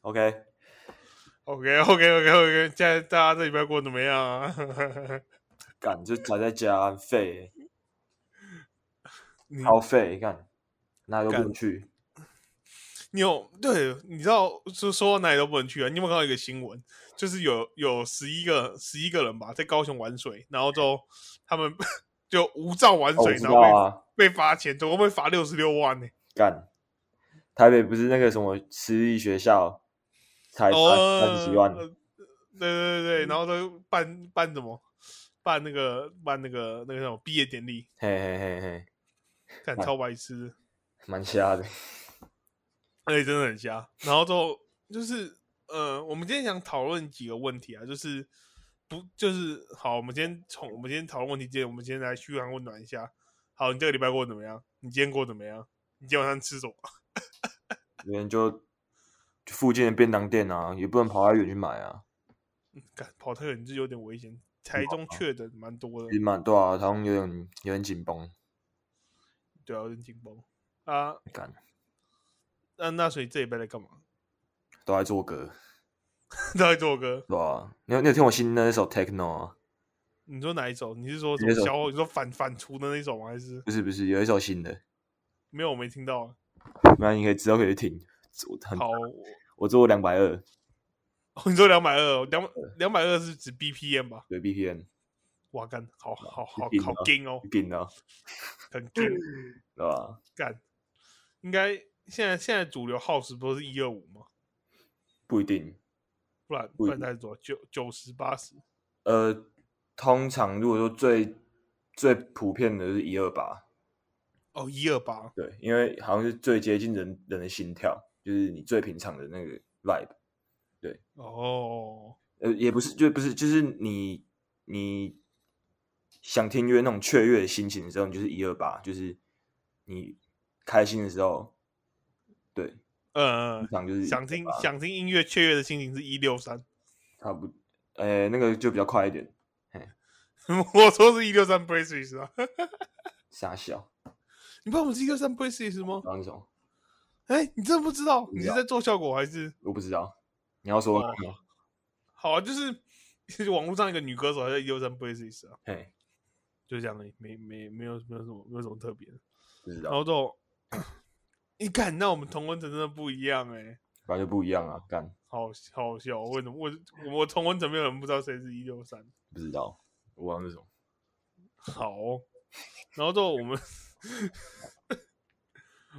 OK，OK，OK，OK，OK，okay. Okay, okay, okay, okay. 現在大家這禮拜過得怎麼樣啊？幹 就宅在家廢，好廢，你看，哪都不能去。你有對，你知道說，說到哪裡都不能去啊？你有沒有看到一個新聞？就是有有十一個十一個人吧，在高雄玩水，然後就他們就無照玩水、哦，然後被、啊、被罰錢，總共被罰六十六萬呢、欸。幹，台北不是那個什麼私立學校？才三、oh, 才，呃、才十幾萬，對、呃、對對對，然後都辦、嗯、辦什麼？辦那個辦那個那個什麼畢業典禮？嘿嘿嘿嘿，幹超白痴，蠻瞎的，哎、欸，真的很瞎。然後之後就是呃，我們今天想討論幾個問題啊，就是不就是好，我們先從我們今天討論問題之前，我們先來噓寒問暖一下。好，你這個禮拜過得怎麼樣？你今天過得怎麼樣？你今天晚上吃什麼？今天就。 附近的便當店啊，也不能跑太遠去買啊。嗯，敢跑太遠就有點危險。台中確診蠻多的，蠻多啊，颱風、啊、有點有點緊繃。對啊，有點緊繃啊。敢，那、啊、那所以這一輩在幹嘛？都愛做歌，都愛做, 做歌。對啊，你有你有聽我新的那首 Techno 啊？你說哪一首？你是說什麼小，你說反反出的那一首嗎？還是不是不是有一首新的？沒有，我沒聽到、啊。那你可以知道可以聽，好。 我做兩百二，你說兩百二，兩兩百二是指 BPM 吧？對 BPM，哇幹，好好好好好，勁、啊、哦，哦，很勁。是 吧、啊？幹，應該現在現在主流耗時不是一二五嗎？不一定，不然不，不然再多，九九十八十。呃，通常如果說最最普遍的是一二八，哦一二八，對，因為好像是最接近人人的心跳。就是你最平常的那個 vibe，對哦，oh. 呃，也不是，就不是，就是你你想聽音樂那種雀躍的心情的時候，你就是一二八，就是你開心的時候，對，嗯、uh,，想就是想聽想聽音樂雀躍的心情是一六三，差不多哎、呃，那個就比較快一點，嘿 我說是一六三，哈哈哈哈，傻笑，你不知道我是一六三，哈哈哈哈哈，嗎？那種。哎、欸，你真的不知，不知道？你是在做效果還是？我不知道，你要說好、啊。好啊，就是，是網絡上一個女歌手，還是, 163? 是一六三不意思啊？就這樣，沒沒沒有沒有什麼沒有什麼特別然後就， 你幹，那我們同溫層真的不一樣哎、欸，完全不一樣啊！幹，好笑好笑、哦，為什麼我我同溫層沒有人不知道誰是一六三？不知道，我道是這種。好、哦，然後就我們。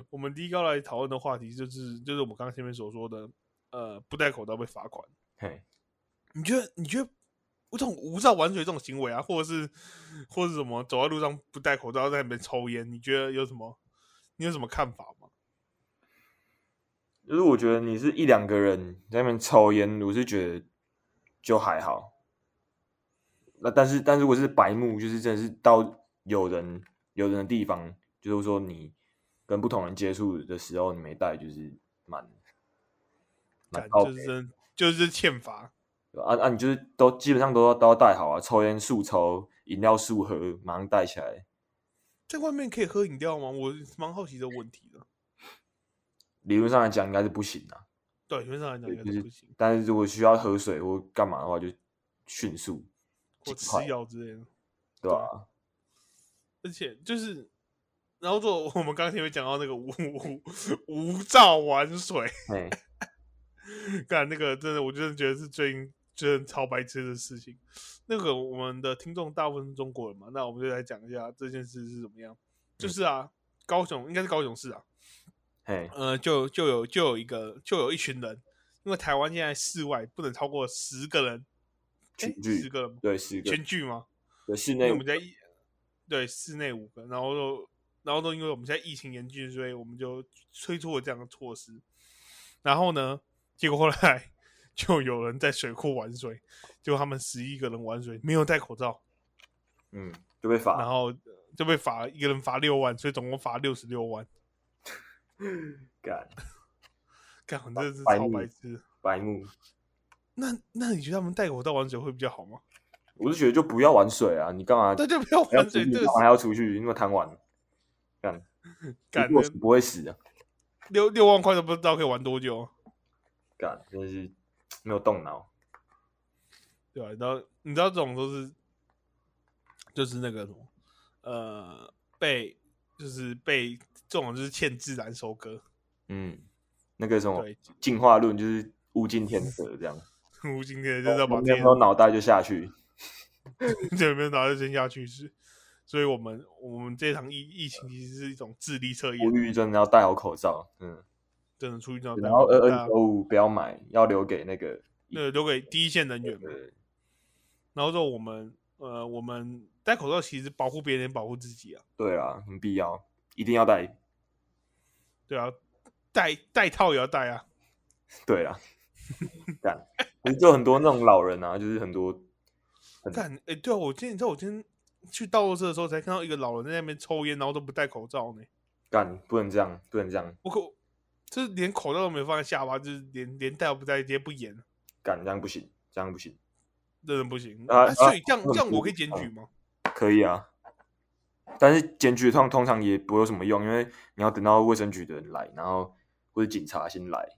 我們第一個來討論的話題就是，就是我們剛剛前面所說的，呃，不戴口罩被罰款。嘿，你覺得？你覺得，我這種無照玩水這種行為啊，或者是，或者是什麼，走在路上不戴口罩在那邊抽煙，你覺得有什麼？你有什麼看法嗎？就是我覺得你是一兩個人在那邊抽煙，我是覺得就還好。那但是，但是如果是白目，就是真的是到有人、有人的地方，就是說你。跟不同人接觸的時候，你沒帶就是蠻蠻就是就是欠罰。啊，啊你就是都基本上都都要帶好啊，抽菸速抽，飲料速喝，馬上帶起來。在外面可以喝飲料嗎？我蠻好奇這個問題的。理論上來講，應該是不行的。啊。對，理論上來講應該是不行。對，就是。但是如果需要喝水或幹嘛的話，就迅速或吃藥之類的，對，啊，對，而且就是。然後就，我們剛才有講到那個無無罩玩水，嘿 幹那個真的，我真的覺得是最近最超白痴的事情。那個我們的聽眾大部分中國人嘛，那我們就來講一下這件事是怎麼樣。就是啊，高雄應該是高雄市啊。嗯，呃，就就有就有一個就有一群人，因為台灣現在室外不能超過十個人，群聚十個人，對，十個群聚嘛。對，室內五個我們在一，對，室內五個，然後就。然後都因為我們現在疫情嚴峻，所以我們就推出了這樣的措施。然後呢，結果後來就有人在水庫玩水，結果他們十一個人玩水沒有戴口罩，嗯，就被罰。然後就被罰一個人罰六萬，所以總共罰六十六萬。幹。幹， 這是超白痴。白目。那那你覺得他們戴口罩玩水會比較好嗎？我是覺得就不要玩水啊！你幹嘛？那就不要玩水，幹嘛還要出去？因為貪玩。不會不會死的，六六萬塊都不知道可以玩多久、啊。幹，真的是沒有動腦。對吧、啊？然後你知道這種都是，就是那個什麼，呃，被就是被這種就是欠自然收割。嗯，那個什麼進化論就是物競天擇這樣。 物競天擇，哦、沒有腦袋就下去，這 沒有腦袋先下去是所以我，我們我們這場疫疫情其實是一種智力測驗。抑鬱症真的要戴好口罩，嗯，真的出去要、嗯。然後，N95 不要買、嗯，要留給那個，那留給第一線人員嘛。然後說我們，呃，我們戴口罩其實保護別人，保護自己啊。對啊，很必要，一定要戴。對啊，戴戴套也要戴啊。對啊，啊對啊 就很多那種老人啊，就是很多很。但哎，對啊，我今天你知道我今天。去道路車的時候，才看到一個老人在那邊抽煙，然後都不戴口罩呢。幹，不能這樣，不能這樣。我可，就是連口罩都沒放在下巴，就是連連戴都不戴，直接不演。幹，這樣不行，這樣不行，真的不行啊，啊！所以、啊、這樣這樣我可以檢舉嗎、啊？可以啊，但是檢舉通通常也不會有什麼用，因為你要等到衛生局的人來，然後或者警察先來，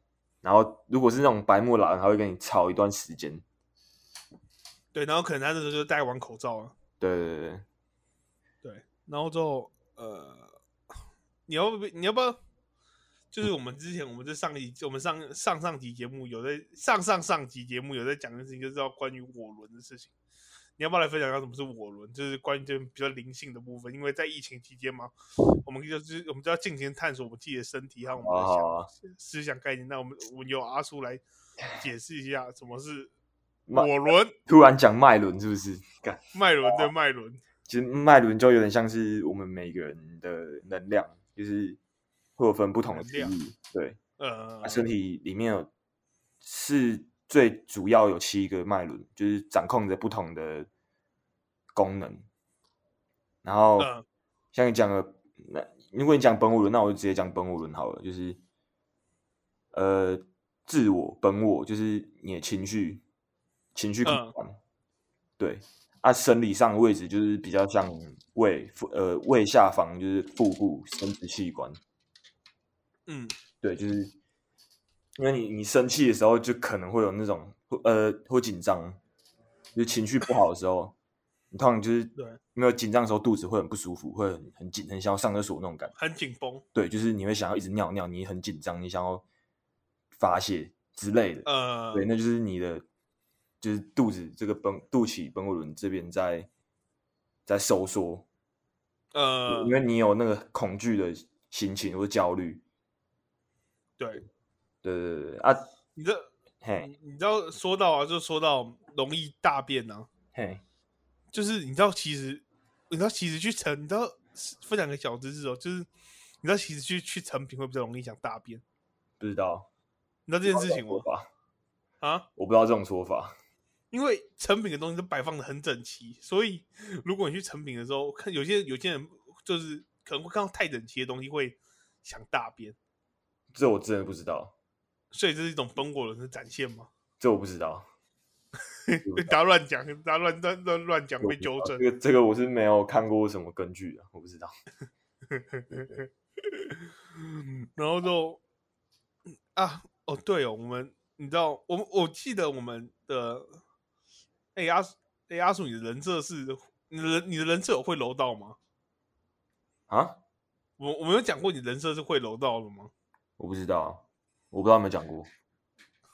然後如果是那種白目老人，還會跟你吵一段時間。對，然後可能他那時候就戴完口罩了。對，對對對，對，然後就呃，你要不你要不要？就是我們之前我們在上一集，我們上上上集節目有在上上上集節目有在講的事情，就是要關於我輪的事情。你要不要來分享一下什麼是我輪？就是關於這邊比較靈性的部分，因為在疫情期間嘛，我們就，就是我們就要盡情探索我們自己的身體還有我們的想，啊，思想概念。那我們我們由阿叔來解釋一下什麼是。脈輪。突然講脈輪是不是？看脈輪。對脈輪，其實脈輪就有點像是我們每個人的能量，就是會有分不同的意義。對，呃，身體裡面有是最主要有七個脈輪，就是掌控着不同的功能。然後、呃、像你講的，那如果你講本我輪，那我就直接講本我輪好了。就是呃，自我本我，就是你的情緒。情緒器官、嗯、對，啊，生理上的位置就是比較像胃腹，呃，胃下方就是腹部生殖器官。嗯，對，就是因為你你生氣的時候就可能會有那種，呃，會緊張，就情緒不好的時候， 你通常就是沒有緊張的時候肚子會很不舒服，會很很緊，很想要上廁所那種感覺，很緊繃。對，就是你會想要一直尿尿，你很緊張，你想要發洩之類的。嗯、呃、對，那就是你的。就是肚子這個崩肚臍、崩骨輪這邊在在收縮，呃，因為你有那個恐懼的心情或焦慮，對，對對對啊！你這嘿你，你知道說到啊，就說到容易大便啊，嘿，就是你知道，其實，你知，其實你知道，其實去成你知道分享個小知識哦，就是你知道，其實去去成品會，不會比較容易講大便，不知道，你知道這件事情我吧？啊，我不知道這種說法。因為成品的東西都擺放得很整齊，所以如果你去成品的時候看，有些有些人就是可能會看到太整齊的東西會想大便。這我真的不知道。所以這是一種崩果人的展現嗎？這我不知道。 大家亂講，大家亂亂亂亂講，被糾正、這個。這個我是沒有看過什麼根據的，我不知道。 然後就啊，啊，哦，對哦，我們你知道，我我記得我們的。哎、欸、阿叔，哎、欸、阿叔，你的人設是，你的人你的人設有會柔道嗎？啊？我我沒有講過你的人設是會柔道的嗎？我不知道啊，我不知道有沒有講過。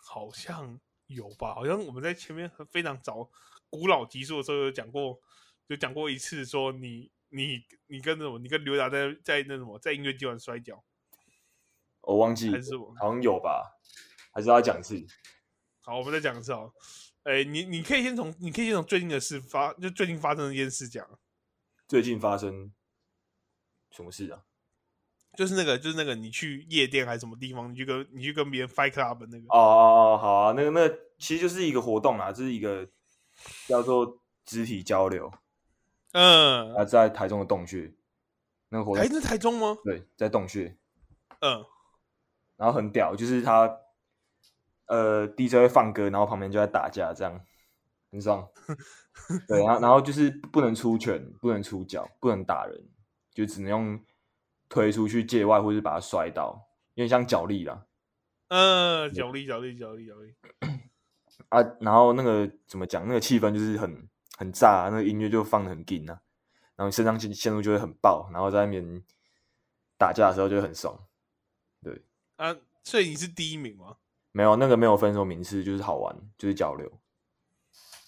好像有吧？好像我們在前面非常早古老集數的時候有講過，就講過一次，說你你你跟什我，你跟劉達在在那什麼在音樂祭玩摔跤？我忘記，還是我？好像有吧？還是他講一次？好，我們再講一次哦。哎、欸，你你可以先從，你可以先從最近的事發，就最近發生的一件事講。最近發生什麼事啊？就是那個，就是那個，你去夜店還是什麼地方？你去跟，你去跟別人 fight club 那個。哦，好啊，那個，那個其實就是一個活動啦，就是一個叫做肢體交流。嗯。他、啊、在台中的洞穴。那個活動，台在台中嗎？對，在洞穴。嗯。然後很屌，就是他。呃，DJ 會放歌，然後旁邊就在打架，這樣很爽。 對，然、啊、後然後就是不能出拳，不能出腳，不能打人，就只能用推出去界外，或是把他摔倒，有點像角力啦。呃，角力，角力，角力，角力。啊，然後那個怎麼講？那個氣氛就是很很炸，那個音樂就放得很勁啊。然後你腎上腺素就會很爆，然後在外面打架的時候就會很爽。對啊，所以你是第一名嗎？沒有，那個沒有分數名次，就是好玩，就是交流。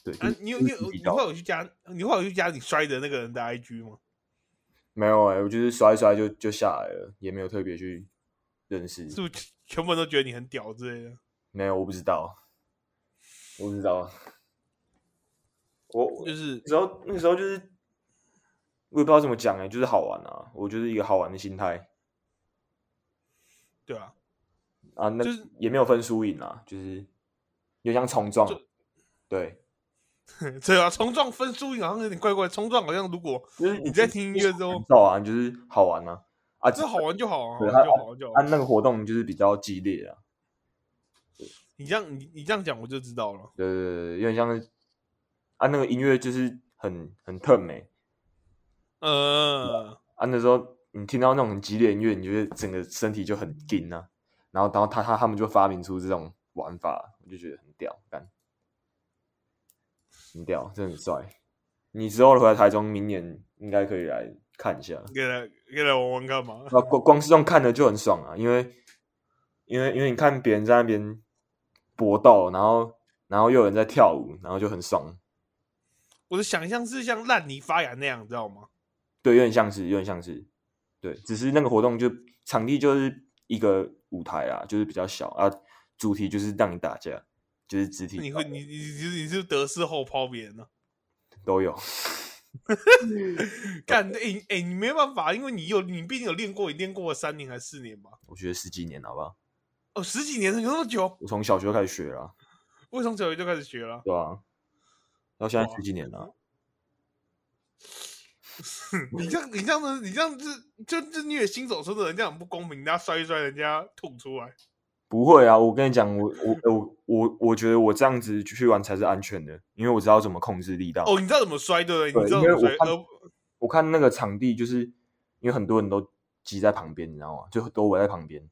對，啊就是、你有你你會有去加，你會有去加你摔的那個人的 IG 嗎？沒有哎、欸，我就是摔一摔就就下來了，也沒有特別去認識。是不是全部人都覺得你很屌之類的？沒有，我不知道，我不知道， 我就是，然後那時候就是，我也不知道怎麼講哎、欸，就是好玩啊，我就是一個好玩的心態。對啊。.啊，那就是也沒有分輸贏啊，就是有點像衝撞，對， 對啊，衝撞分輸贏好像有點怪怪，衝撞好像如果就是你在聽音樂之後，知道啊，就是好玩，好玩，好玩，好玩，好玩啊，啊，這好玩就好啊，就好就按那個活動就是比較激烈啊，你這樣你你這樣講我就知道了，對對對，有點像是啊，那個音樂就是很很特美，呃，啊，那時候你聽到那種很激烈的音樂，你就會整個身體就很勁吶、啊。然後，然後他他他們就發明出這種玩法，我就覺得很屌，幹，很屌，真的很帥。你之後回果來台中，明年應該可以來看一下。給了玩玩幹嘛？光光是這種看的就很爽啊，因為因為因為你看別人在那邊搏鬥，然後然後又有人在跳舞，然後就很爽。我的想象是像爛泥發芽那樣，知道嗎？對，有點像是，有點像是，對，只是那個活動就場地就是，一個舞台啊，就是比較小啊，主題就是讓你打架，就是肢體。你會，你你就是你是得勢後拋別人呢、啊？都有 。 幹，哎、欸、哎、欸，你沒辦法，因為你有，你畢竟有練過，你練過三年還是四年吧？我覺得十幾年，好不好？哦，十幾年了，有那麼久我？我從小學就開始學了。我從小學就開始學了。對啊。到現在十幾年了。 你這樣，你這樣子，你這樣子，就就虐新手，說的人家很不公平，你要摔一摔，人家吐出來。不會啊，我跟你講，我我我我我覺得我這樣子去玩才是安全的，因為我知道怎麼控制力道。哦，你知道怎麼摔對不對？你知道怎麼摔？我看，呃，我看那個場地，就是因為很多人都擠在旁邊，你知道嗎？就都圍在旁邊。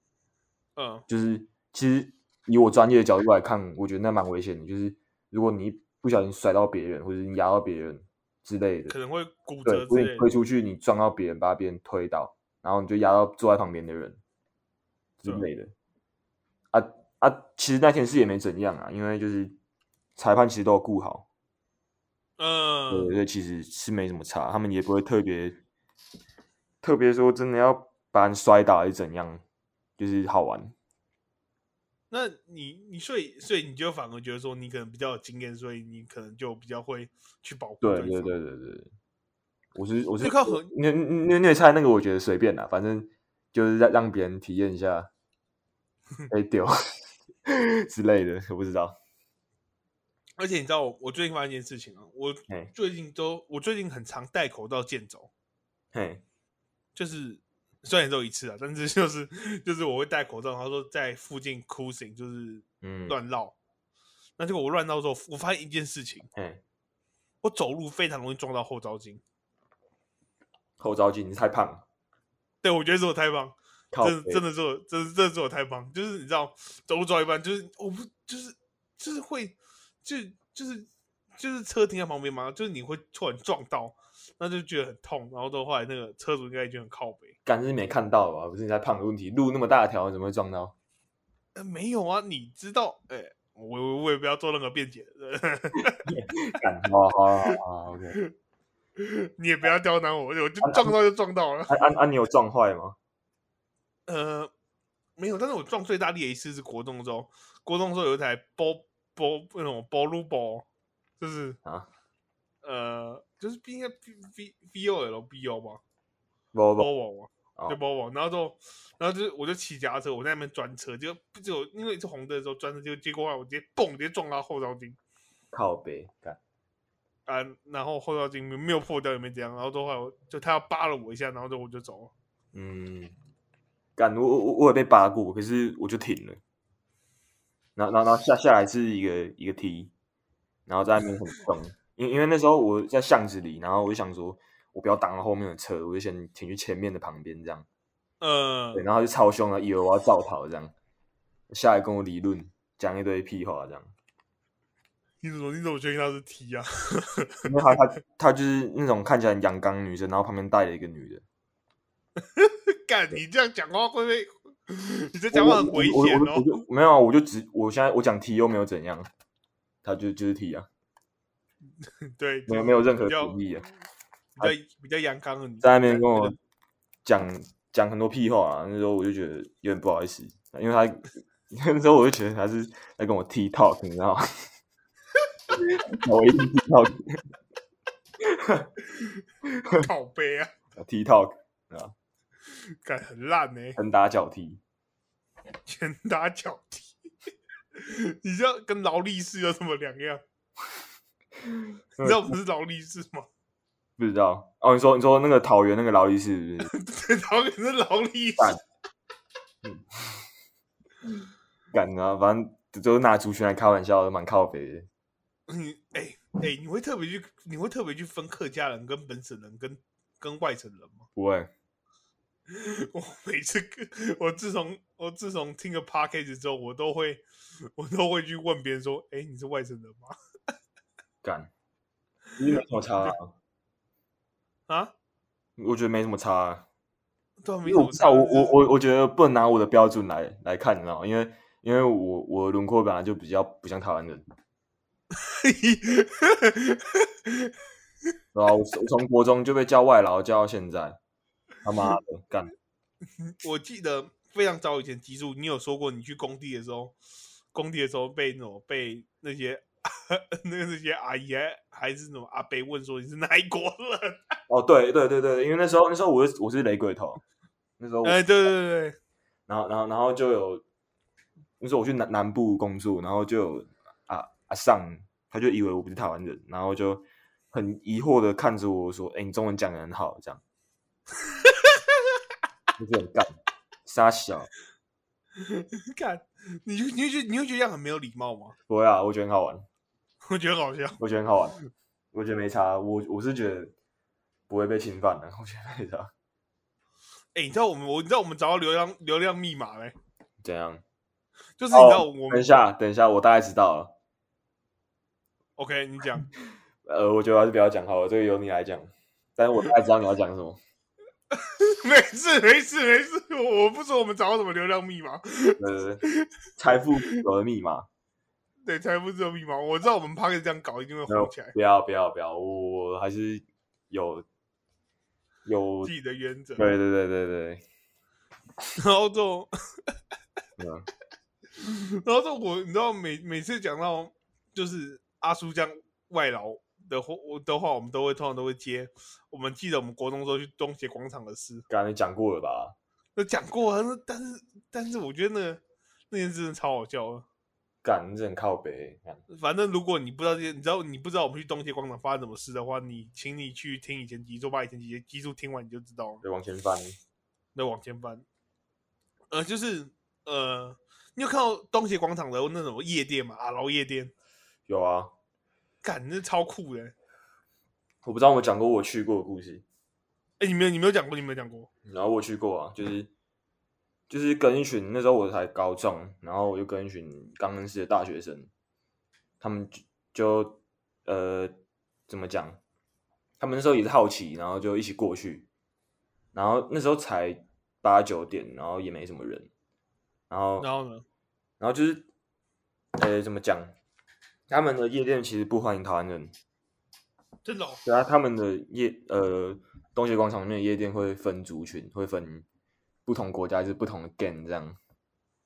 嗯，就是其實以我專業的角度來看，我覺得那蠻危險的。就是如果你不小心摔到別人，或者你壓到別人。之類的，可能會骨折之類的。對，推出去，你撞到別人，把別人推倒，然後你就壓到坐在旁邊的人之類的。啊啊，其實那天是，也沒怎樣啊，因為就是裁判其實都要顧好，嗯，對，所以其實是沒什麼差，他們也不會特別特別說真的要把人摔倒還是怎樣，就是好玩。那你你所以所以你就反而覺得說你可能比較有經驗，所以你可能就比較會去保護對方。對對對對對，我是我是靠和你你你猜那個，我覺得隨便啦，反正就是讓讓別人體驗一下被丟、欸、 之類的，我不知道。而且你知道我我最近發現一件事情啊，我最近都我最近很常戴口罩健走，嘿，就是。雖然只有一次啊，但是就是就是我會戴口罩。然後說在附近 cruising，就是嗯亂繞嗯。那結果我亂繞的時候，我發現一件事情，嗯、我走路非常容易撞到後照鏡。後照鏡，你太胖了。對，我覺得是我太胖，真真的是我真真的是我太胖，就是你知道走路走一半，就是，就是我不就是就是會就就是就是車停在旁邊嘛，就是你會突然撞到，那就覺得很痛，然後都後來那個車主應該已經很靠北。感覺是沒看到吧？不是你在胖的問題，路那麼大條，怎麼會撞到？呃，沒有啊，你知道？哎，我我也不要做任何辯解。敢，好好好，OK。你也不要刁難我，我就撞到就撞到了。按按，你有撞壞嗎？呃，沒有，但是我撞最大力的一次是國中時候，國中時候有一台包包，為什麼？ball ball，就是啊，呃，就是 b v v o l b 幺吧，ball ball 就跑跑，然後就，然後就我就騎腳踏車，我在那邊轉車，就不因為是紅燈的時候轉車就接過來，我直接嘣直接撞到後照鏡，靠北幹，啊，然後後照鏡沒有破掉也沒這樣，然後的話，就他要扒了我一下，然後就我就走了，嗯，幹我我我也被扒過，可是我就停了，然後然後然後下下來是一個一個 T，然後在那邊很衝，因 因為那時候我在巷子裡，然後我就想說。我不要擋到後面的車，我就先停去前面的旁邊這樣。嗯、呃，然後就超凶了，以為我要肇逃這樣，下來跟我理論，講一堆屁話這樣。你怎麼你怎麼確定他是 T 啊？因為他他他就是那種看起來很陽剛女生，然後旁邊帶了一個女的。幹， 你這樣講話會被？你這講話很危險哦就就就就。沒有啊，我就只我現在我講 T 又沒有怎樣，她就就是 T 啊。對，沒有沒有任何主意啊。比較比較陽剛，很在那邊跟我講講很多屁話啊。那時候我就覺得有點不好意思，因為他那時候我就覺得他是在跟我踢 talk，你知道嗎？抖音踢 talk，靠北啊！踢 talk 啊，幹很爛呢、欸，拳打腳踢，拳打腳踢， 你知道跟勞力士有什麼兩樣？ 你知道不是勞力士嗎？不知道哦，你說你說那個桃園那個勞力士是 對，桃園的勞力士。嗯。敢 啊，反正就是拿族群來開玩笑，都蠻靠北的。嗯、欸，哎、欸、哎，你會特別去，你會特別去分客家人跟本省人跟跟外省人嗎？不會。我每次跟，我自從我自從聽個 podcast 之後，我都會我都會去問別人說，哎、欸，你是外省人嗎？敢， 你有調查？ 啊，我覺得沒什麼差。啊，都沒差，因為我不知道。我我我我覺得不能拿我的標準來來看，你知道嗎？因為因為我我的輪廓本來就比較不像台灣人。嘿嘿嘿嘿嘿對啊，然後我從國中就被叫外勞，叫到現在。他、啊、媽的幹！我記得非常早以前，集數，你有說過，你去工地的時候，工地的時候被那種被那些、啊、那個、那些阿姨還是，還是那種阿伯問說你是哪一國人？哦，對對對對，對，對，對，對，對，對，因為那時候那時候我我是雷鬼頭，那時候哎對對對，然後然後然後就有那時候我去南南部工作，然後就有啊阿尚、啊、他就以為我不是台灣人，然後就很疑惑的看着我說：“哎，你中文講的很好，這樣。”哈哈哈哈哈！就是很乾傻小笑。你看，你就你就你會覺得這樣很沒有禮貌嗎？不會啊，我覺得很好玩，我覺得好笑，我覺得很好玩， 我覺得沒差，我我是覺得。不會被侵犯的，我覺得、欸。你知道我們，我你知道我們找到流量流量密碼沒、欸？怎樣？就是你知道我們、哦、等一下，等一下，我大概知道了。 OK，你講。呃，我覺得還是不要講好了，這個由你來講。但是我大知道你要講什麼？ 沒事，沒事，沒事。我不說我們找到什麼流量密碼。 呃，財富自由密碼。對，財富自由密碼。我知道我們拍 a 這樣搞一定會火起來。不要，不要，不要。我我還是有。有自己的原則。對對對對對。然後就、 啊。然後這我，你知道每每次講到就是阿叔將外勞的我的話，我們都會通常都會接。我們記得我們國中的時候去東協廣場的事，剛才你講過了吧？那講過啊，但是但是我覺得那那件事真的超好笑的。感，你這很靠北，欸。反正如果你不知道這些，你知道你不知道我們去東協廣場發生什麼事的話，你請你去聽以前集，就把以前集集集都聽完，你就知道了。對，往前翻。對，往前翻。呃，就是呃，你有看到東協廣場的那種夜店嘛，啊，然後夜店。有啊。感，那超酷的。我不知道我講過我去過的故事。哎，你沒有，你沒有講過，你沒有講過。嗯、然後我去過啊，就是。嗯就是跟一群那時候我才高中，然後我就跟一群剛認識的大學生，他們就就呃怎麼講，他們那時候也是好奇，然後就一起過去，然後那時候才八九點，然後也沒什麼人，然後然後呢，然後就是呃怎麼講，他們的夜店其實不歡迎台灣人，真的？對啊，他們的夜呃東街廣場裡面的夜店會分族群，會分。不同國家就是不同的 game 這樣，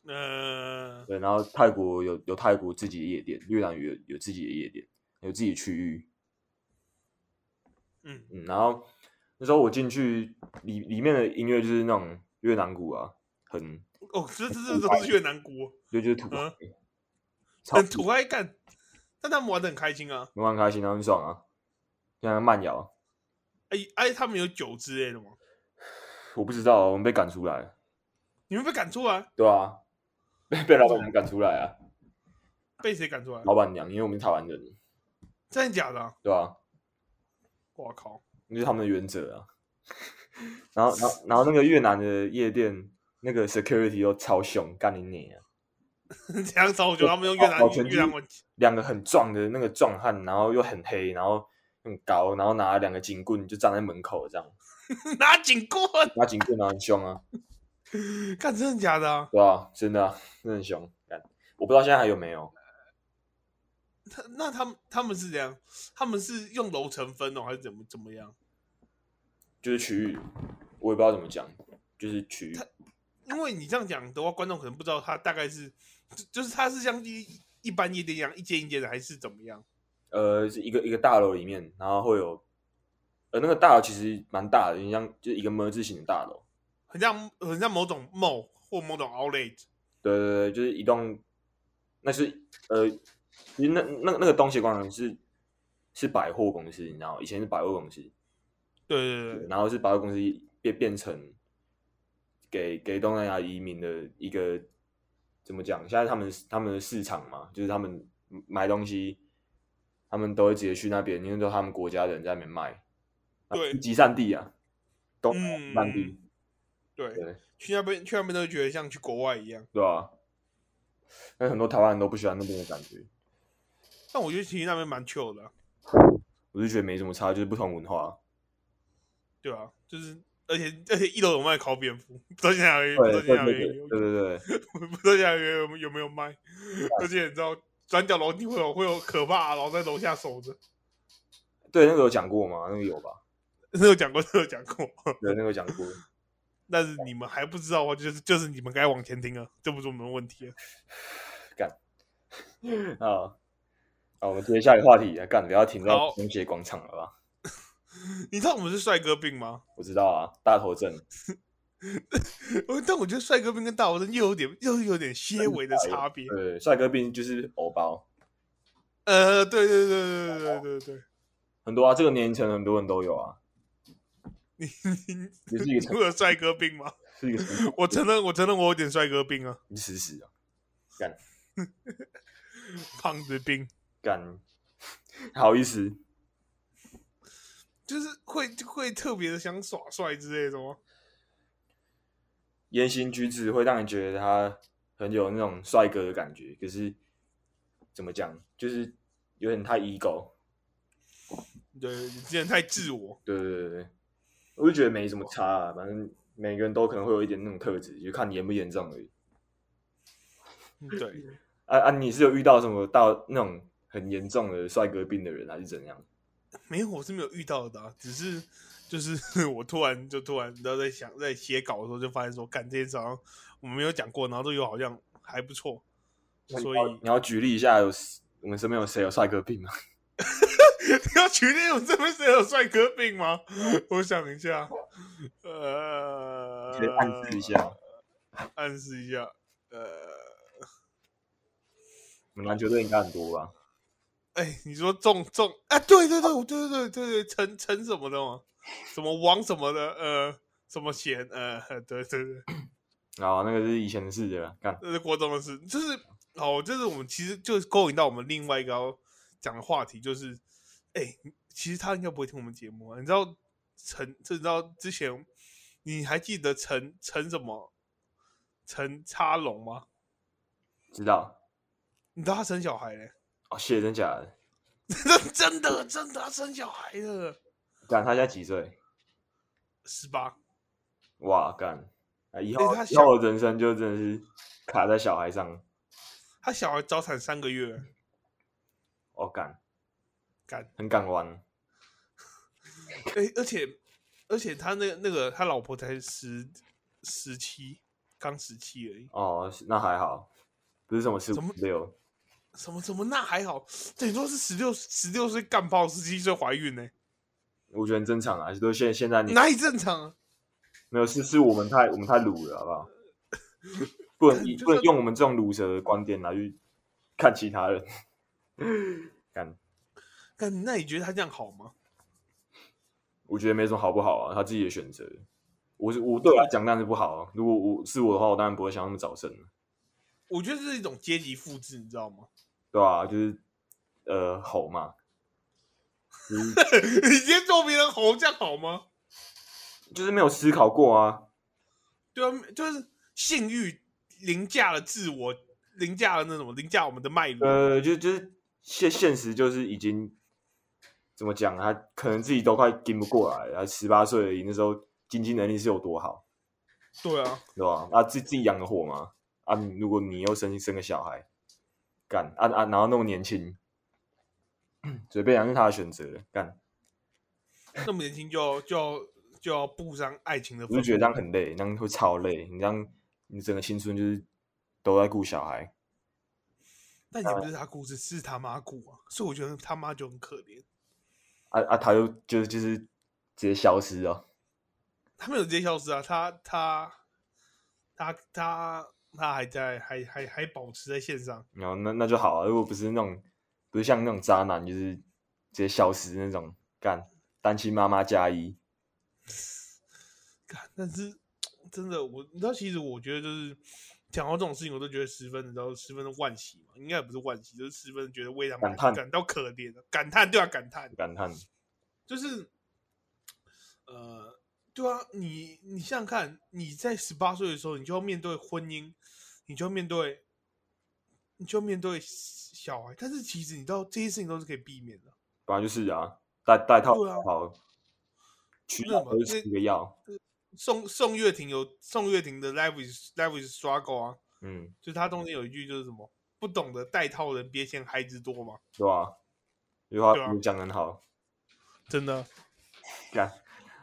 嗯、呃，對，然後泰國有有泰國自己的夜店，越南有有自己的夜店，有自己的區域，嗯嗯，然後那時候我進去裡裡面的音樂就是那種越南鼓啊，很哦，這這這是，是，是，是越南鼓，對，就是土，嗯、很土嗨感，但他們玩的很開心啊，玩開心啊，很爽啊，現在慢搖，哎哎，他們有酒之類的嗎？我不知道，我們被趕出來。你們被趕出來？對啊，被被老板娘趕出來啊！被誰趕出來？老板娘，因為我們吵完人真的假的？啊？對啊。我靠！那，就是他們的原則啊。然後，然後，然後那個越南的夜店那個 security 又超凶，幹你娘，啊！這 樣子，我覺得他們用越南語，哦，越南語兩個很壯的那個壯漢，然後又很黑，然後很高，然後拿了兩個警棍，就站在門口這樣。 拿警棍，拿警棍啊，很兇啊！看 真的假的啊？對啊，真的啊，真的很兇。我不知道現在還有沒有。他那他們他們是怎樣？他們是用樓層分的，哦、還是怎麼怎麼樣？就是區域，我也不知道怎麼講，就是區域。因為你這樣講的話，觀眾可能不知道他大概是，就、就是他是像一一般夜店一樣一間一間的，還是怎麼樣？呃，是一個一個大樓裡面，然後會有。而、呃、那個大樓其實蠻大的，你像就是一個 “M” 字型的大樓，很像很像某種 mall 或某種 Outlet。對對對，就是一棟，那是呃，其實那那那個東西，廣場是是百貨公司，你知道，以前是百貨公司。對對對。對然後是百貨公司變變成給給東南亞移民的一個怎麼講？現在他們他們的市場嘛，就是他們買東西，他們都會直接去那邊，因為都他們國家的人在那邊賣。對，集散地啊，都蠻低、嗯。對，去那邊去那邊都覺得像去國外一樣，對吧、啊？但很多台灣人都不喜歡那邊的感覺。但我覺得其實那邊蠻 chill 的、啊，我就覺得沒什麼差，就是不同文化。對啊，就是而且而且一樓有賣烤蝙蝠，不知道你們，不知道你們對。對對對，不知道 你們有有沒有賣？而且你知道，轉角樓梯會有會有可怕然後在樓下守着。對，那個有講過嗎？那個有吧？有講過，這個講過，有 那個講過。 但是你們還不知道啊，就是就是你們該往前聽啊，這不是我們的問題。幹啊啊！我們接下一個話題啊，幹不要停在紅鞋廣場了吧？ 你知道我們是帥哥病嗎？我知道啊，大頭症。我 但我覺得帥哥病跟大頭症又有點，又有點些微的差別。對,對,對，帥哥病就是偶包。呃，對對對對對,對對對，很多啊，這個年層很多人都有啊。 你是一個你有帥哥病嗎？ 我承認，我承認，我有點帥哥病啊！你試試啊！幹， 胖子兵幹，不好意思，就是會會特別的想耍帥之類的嗎？言行舉止會讓人覺得他很有那種帥哥的感覺，可是怎麼講，就是有點太 ego 對，有點太自我，對對對對。對對我就覺得沒什麼差，啊，反正每個人都可能會有一點那種特質，就看你嚴不嚴重而已。對，啊啊！你是有遇到什麼到那種很嚴重的帥哥病的人，還是怎樣？沒有，我是沒有遇到的，啊，只是就是我突然就突然，然後在想在寫稿的時候就發現說，看這一事我們沒有講過，然後又好像還不錯，所以，你要，所以你要舉例一下有，我們身邊有誰有帥哥病嗎？哈哈，你要娶那有這麼有帥哥病嗎？我想一下， 呃，暗示一下，暗示一下，呃，我們籃球隊應該很多吧？哎、欸，你說中中，啊？對對對對對對對，陳陳什麼的嗎？什麼王什麼的？呃，什麼賢？呃，對對對，然後那個是以前的事對吧？那是國中的事，就是哦，就是我們其實就勾引到我們另外一個。講的話題就是，哎、欸，其實他應該不會聽我們節目啊。你知道陳，你知道之前你還記得陳陳什麼陳插龍嗎？知道。你知道他生小孩嘞、哦？謝是真假的？ 真的真的，他生小孩了。幹，他現在幾歲？十八。哇幹！以後以後人生就真的是卡在小孩上了。他小孩早產三個月。敢、哦、敢很敢玩，哎、欸，而且而且他那個、那個他老婆才十十七剛十七而已哦，那還好，不是什麼十六，什麼什麼那還好，等於說是十六十六歲幹爆，十七歲懷孕呢、欸？我覺得很正常啊，都現現在，現在你哪裡正常、啊？沒有是是我們太我們太魯了好不好？ 不能不能用我們這種魯蛇的觀點來去看其他人。幹，幹，那你覺得他這樣好嗎？我覺得沒什麼好不好啊，他自己的選擇。我是我對他講，但是不好、啊。如果我是我的話，我當然不會想那麼早生。我覺得是一種階級複製，你知道嗎？對啊，就是呃，吼嘛。就是、 你今天做別人吼這樣好嗎？就是沒有思考過啊。對啊，就是性慾凌駕了自我，凌駕了那種，凌駕我們的脈絡。呃，就就是。現現實就是已經怎麼講，他可能自己都快跟不過來了。啊，十八歲那時候經濟能力是有多好？對啊，對吧，啊？啊，自己自己養的活嘛，啊，如果你又生生個小孩，幹啊啊，然後那麼年輕，隨便那是他的選擇，幹。那麼年輕就就就要步上愛情的，我就覺得這樣很累，那樣會超累。你這樣，你整個青春就是都在顧小孩。但也不是他姑事，uh, 是他媽姑，啊。所以我覺得他媽就很可憐。啊啊！他就就就是直接消失了。他沒有直接消失啊，他他他他他還在，還還還保持在線上。哦、no，那那就好了，啊，如果不是那種不是像那種渣男，就是直接消失那種幹單親媽媽加一。幹，但是真的，我你知道，其實我覺得就是。講到這種事情，我都覺得十分，十分的惋惜嘛。應該也不是惋惜，就是十分的覺得為他們感感到可憐的感嘆。對啊，感嘆，感嘆，就是，呃，對啊，你你想想看，你在十八歲的時候，你就要面對婚姻，你就要面對，你就要面對小孩。但是其實你知道，這些事情都是可以避免的。本來就是啊，戴戴套，對啊，好，全部都是一個樣。宋宋岳庭有宋岳庭的 Life is Life is struggle 啊，嗯，就他中間有一句就是什麼，不懂得戴套人別嫌孩子多嘛，是吧、啊？有話、啊、你講很好，真的，幹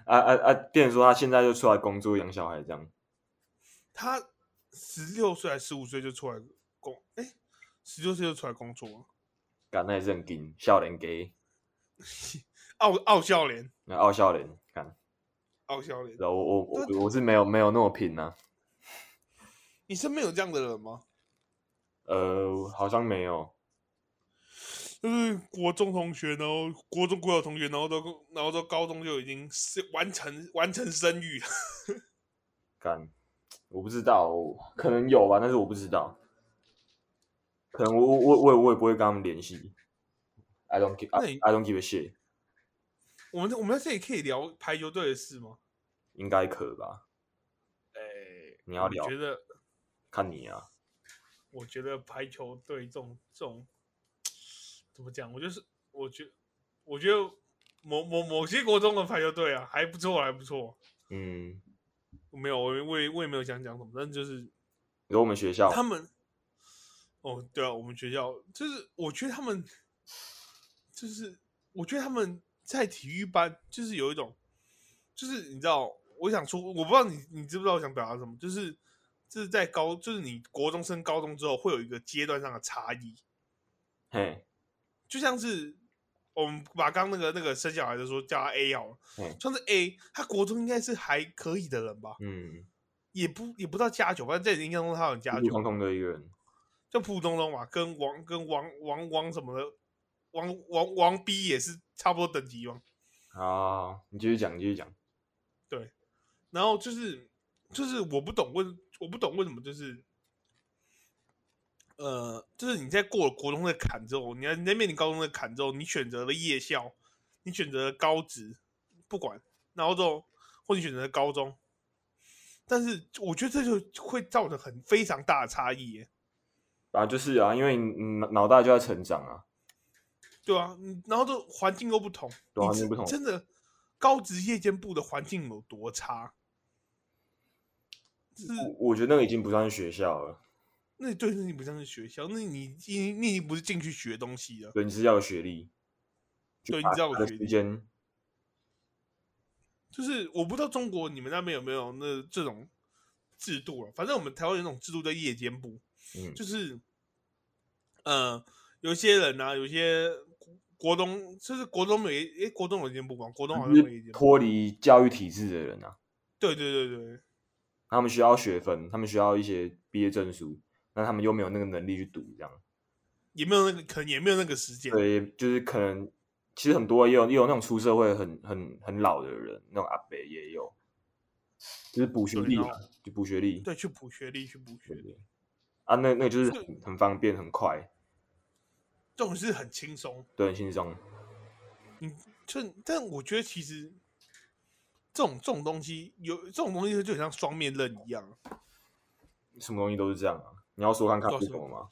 啊啊啊！變說他現在就出來工作養小孩這樣，他十六歲還十五歲就出來工，誒、欸，十六歲就出來工作、啊，敢那認真笑臉給。a y 傲笑臉，那傲、個、笑臉看。搞、哦、笑臉，我我我我是沒有沒有那麼拼吶、啊。你身邊有這樣的人嗎？呃，好像沒有。就是國中同學，然後國中國小同學，然後都然後都高中就已經是完成完成生育了。幹，我不知道，可能有吧，但是我不知道。可能我我我也我也不會跟他們聯繫。I don't give I don't give a shit. 我們我們在這裡可以聊排球隊的事嗎？應該可吧。哎、欸，你要聊？我覺得看你啊。我覺得排球隊這種這種怎麼講？我就是我覺我覺得某某某些國中的排球隊啊，還不錯，還不錯。嗯，我沒有，我我我也沒有想講什麼，但就是有我們學校他們。哦，對啊，我們學校就是，我覺得他們就是，我覺得他們。就是我覺得他們在體育班就是有一種，就是你知道，我想說，我不知道你你知不知道我想表達什麼，就是就是在高，就是你國中升高中之後會有一個階段上的差異，嘿、hey.，就像是我們把剛剛那個那個生小孩的時候叫他 A 哦，hey. 算是 A，他國中應該是還可以的人吧，嗯，也不也不知道加九，反正在你印象中他有加九嘛，普通一個人，就普普通通嘛，跟王跟王王王什麼的。王王王 B 也是差不多等級嗎？啊，你繼續講，你繼續講。對，然後就是就是我不懂為，我我不懂為什麼就是，呃，就是你在過了國中的坎之後，你在面臨高中的坎之後，你選擇了夜校，你選擇了高職，不管，然後就，或者選擇了高中，但是我覺得這就會造成很非常大的差異耶。啊，就是啊，因為你腦袋就要成長啊。對啊，然後都環境又不同，對啊，真的高職夜間部的環境有，有多差？是，我覺得那個已經不像是學校了。那對，那你不像是學校，那你已經你，你，你已經不是進去學東西了。對，你只要學歷，的時，對，你只要有學歷，就是我不知道中國你們那邊有沒有那這種制度了。反正我們台灣有那種制度的，叫夜間部，就是嗯、呃，有些人呢、啊，有些。國中就是國中沒，哎、欸，國中沒先不管，國中好像沒脫離教育體制的人啊。對對對對，他們需要學分，他們需要一些畢業證書，那他們又沒有那個能力去讀，這樣也沒有那個可能也沒有那個時間，對，就是可能其實很多也有也有那種出社會很很很老的人，那種阿伯也有，就是補學歷、啊，就補學歷，對，去補學歷去補學歷啊，那那就是很,很方便很快。這種是很輕鬆，對，輕鬆。嗯，就但我覺得其實這種這種東西有這種東西就很像雙面刃一樣，什麼東西都是這樣啊？你要說看看為什麼嗎？